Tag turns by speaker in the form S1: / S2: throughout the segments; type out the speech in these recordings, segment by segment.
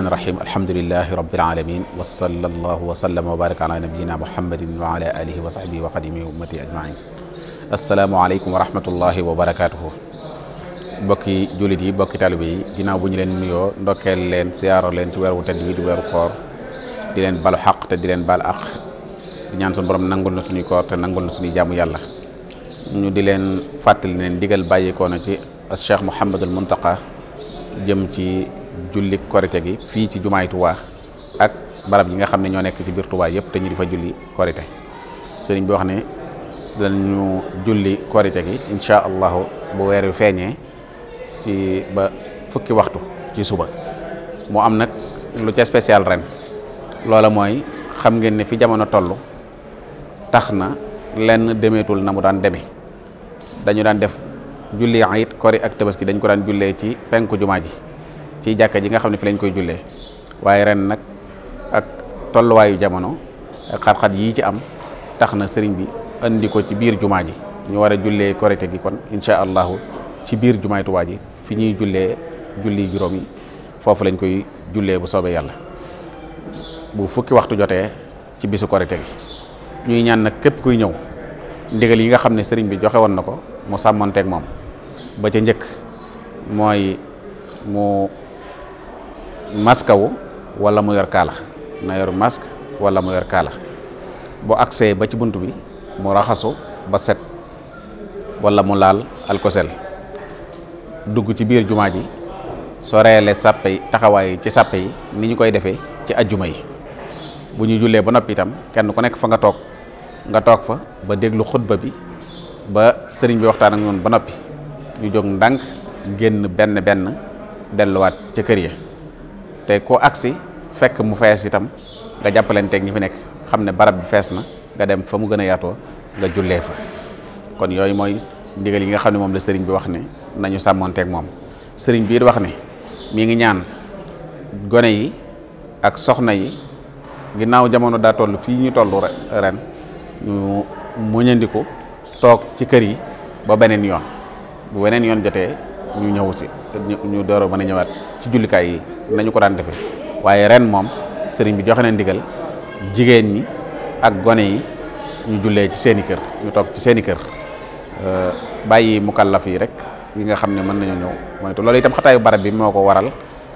S1: an rahim alhamdulilahi rabbil alamin wa sallallahu wa sallam wa baraka ala nabiyina muhammadin wa ala wa sahbihi wa xadimi ummati ajmain assalaamu aleykum wa rahmatullahi wa barakatuhu bokki jullit yi bokki talibe yi buñu bu leen nuyoo ndokkeel leen siyaaro leen ci weer wu wi di weeru koor di leen balu xaq te di leen bal aq di ñaan suñu borom nangul na suñuy koor te nangul na suñuy jaamu yàlla ñu di leen fàttali leen digal bàyyikoo na ci ak Cheikh Mouhamadul Mountakha jëm ci julli korite gi fii ci jumaay Tuubaa ak barab yi nga xam ne ñoo nekk ci biir Tuubaa yëpp te ñu di fa julli korite sëriñ bi wax ne danañu julli korité gi incha allahu bu weer wi feeñee ci ba fukki waxtu ci suba mu am nag lu ca spécial ren loola mooy xam ngeen ne fi jamono toll tax na lenn demeetul na mu daan demee dañu daan def julli ayit kori ak tabaski dañ ko daan jullee ci penk jumaa ji ci jàkka ji nga xam ne fi lañ koy jullee waaye ren nag ak tolluwaayu jamono ak xat-xat yii ci am tax na sëriñ bi andi ko ci biir jumaa ji ñu war a jullee korite gi kon incha allahu ci biir jumaay Tuubaa ji fi ñuy jullee julli juróom yi foofu lañ koy jullee bu soobee yàlla bu fukki waxtu jotee ci bisu korite gi ñuy ñaan nag képp kuy ñëw ndigal yi nga xam ne sëriñ bi joxe woon na ko mu sàmmonteeg moom ba ca njëkk mooy mu maskawu wala mu yor kaala na yor masque wala mu yor kaala bu agsee ba ci bunt bi mu raxasu ba set walla mu laal alkosel dugg ci biir jumaa ji soreele sàppe yi taxawaay ci sàppe yi ni ñu koy defee ci ajjuma yi bu ñu jullee ba noppi itam kenn ku nekk fa nga toog nga toog fa ba déglu xutba bi ba sëriñ bi waxtaan ak ñoom ba noppi ñu jóg ndànk génn benn benn delluwaat ca kër ya te koo agsi fekk mu fees itam nga jàppalanteeg ñi fi nekk xam ne barab bi fees na nga dem fa mu gën a yaatoo nga jullee fa kon yooyu mooy ndigal yi nga xam ne moom la sëriñ bi wax ne nañu sàmmoonteeg moom sëriñ bi it wax ne mi ngi ñaan gone yi ak soxna yi ginnaaw jamono daa toll fii ñu toll ren ñu muñandiku toog ci kër yi ba beneen yoon bu weneen yoon jotee ñu ñëw si ñu door a mën a ñëwaat ci jullikaay yi nañu ko daan defee waaye ren moom sëriñ bi joxe na ndigal jigéen ñi ak gone yi ñu jullee ci seeni kër ñu toog ci seen i kër euh, bàyyi mukallaf yi rek yi nga xam ne mën nañoo ñëw mooy loolu itam xataayu barab bi moo ko waral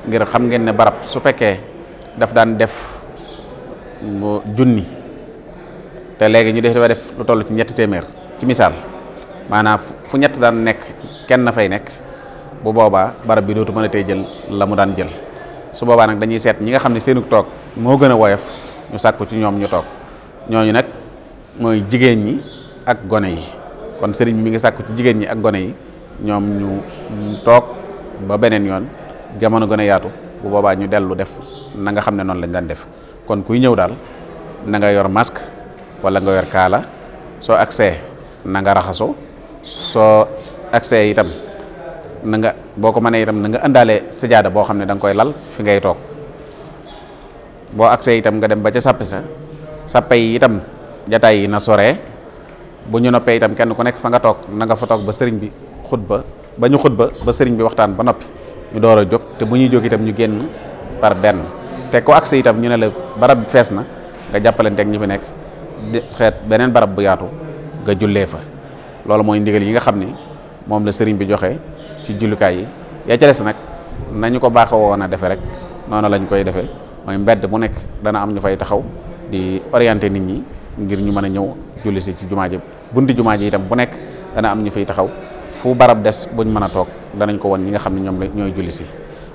S1: ngir xam ngeen ne barab su fekkee daf daan def junni te léegi ñu def dafa def lu toll ci ñetti téeméer ci misaal maanaam fu ñett daan nekk kenn na fay nekk bu boobaa barab bi dootu mën a tey jël la mu daan jël su boobaa nag dañuy seet ñi nga xam ne seenug toog moo gën a woyof ñu sàkku ci ñoom ñu toog ñooñu nag mooy jigéen ñi ak gone yi kon sëriñ mi ngi sàkku ci jigéen ñi ak gone yi ñoom ñu toog ba beneen yoon jamono gën a yaatu bu boobaa ñu dellu def na nga xam ne noonu lañ daan def kon kuy ñëw daal na nga yor masque walla nga yor kaala soo agsee na nga raxasoo soo accès itam na nga boo ko mënee itam na nga ëndaale sajaada boo xam ne danga koy lal fi ngay toog boo accès itam nga dem ba ca sàppe sa sàppe yi itam jataay yi na sore bu ñu noppee itam kenn ku nekk fa nga toog na nga fa toog ba sëriñ bi xutba ba ñu xutba ba sëriñ bi waxtaan ba noppi ñu door a jóg te bu ñuy jóg itam ñu génn par benn te ko accès itam ñu ne la barab fees na nga jàppalante ak ñu fi nekk di xeet beneen barab bu yaatu nga jullee fa loolu mooy ndigal yi nga xam ni moom la sëriñ bi joxe ci jullukaay yi ya ca des nag nañu ko baax woon a defee rek noonu lañ koy defee mooy mbedd mu nekk dana am ñu fay taxaw di orienter nit ñi ngir ñu mën a ñëw julli ci jumaa ji bunti jumaa ji bu nekk dana am ñu fay taxaw fu barab des buñ mën a toog danañ ko won ñi nga xam ne ñoom la ñooy julli si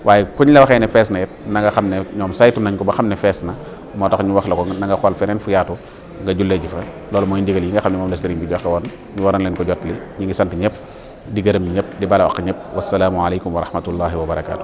S1: waaye kuñ la waxee ne fees na it na nga xam ne ñoom saytu nañ ko ba xam ne fees na moo tax ñu wax la ko na nga xool feneen fu yaatu nga jullee ji fa loolu mooy ndigal yi nga xam ne moom la sëriñ bi joxe woon ñu waroon leen ko jotli ñu ngi sant ñëpp di gërëm ñëpp di bala wax ñëpp wasalaamualeykum wa rahmatullahi wa barakaatu.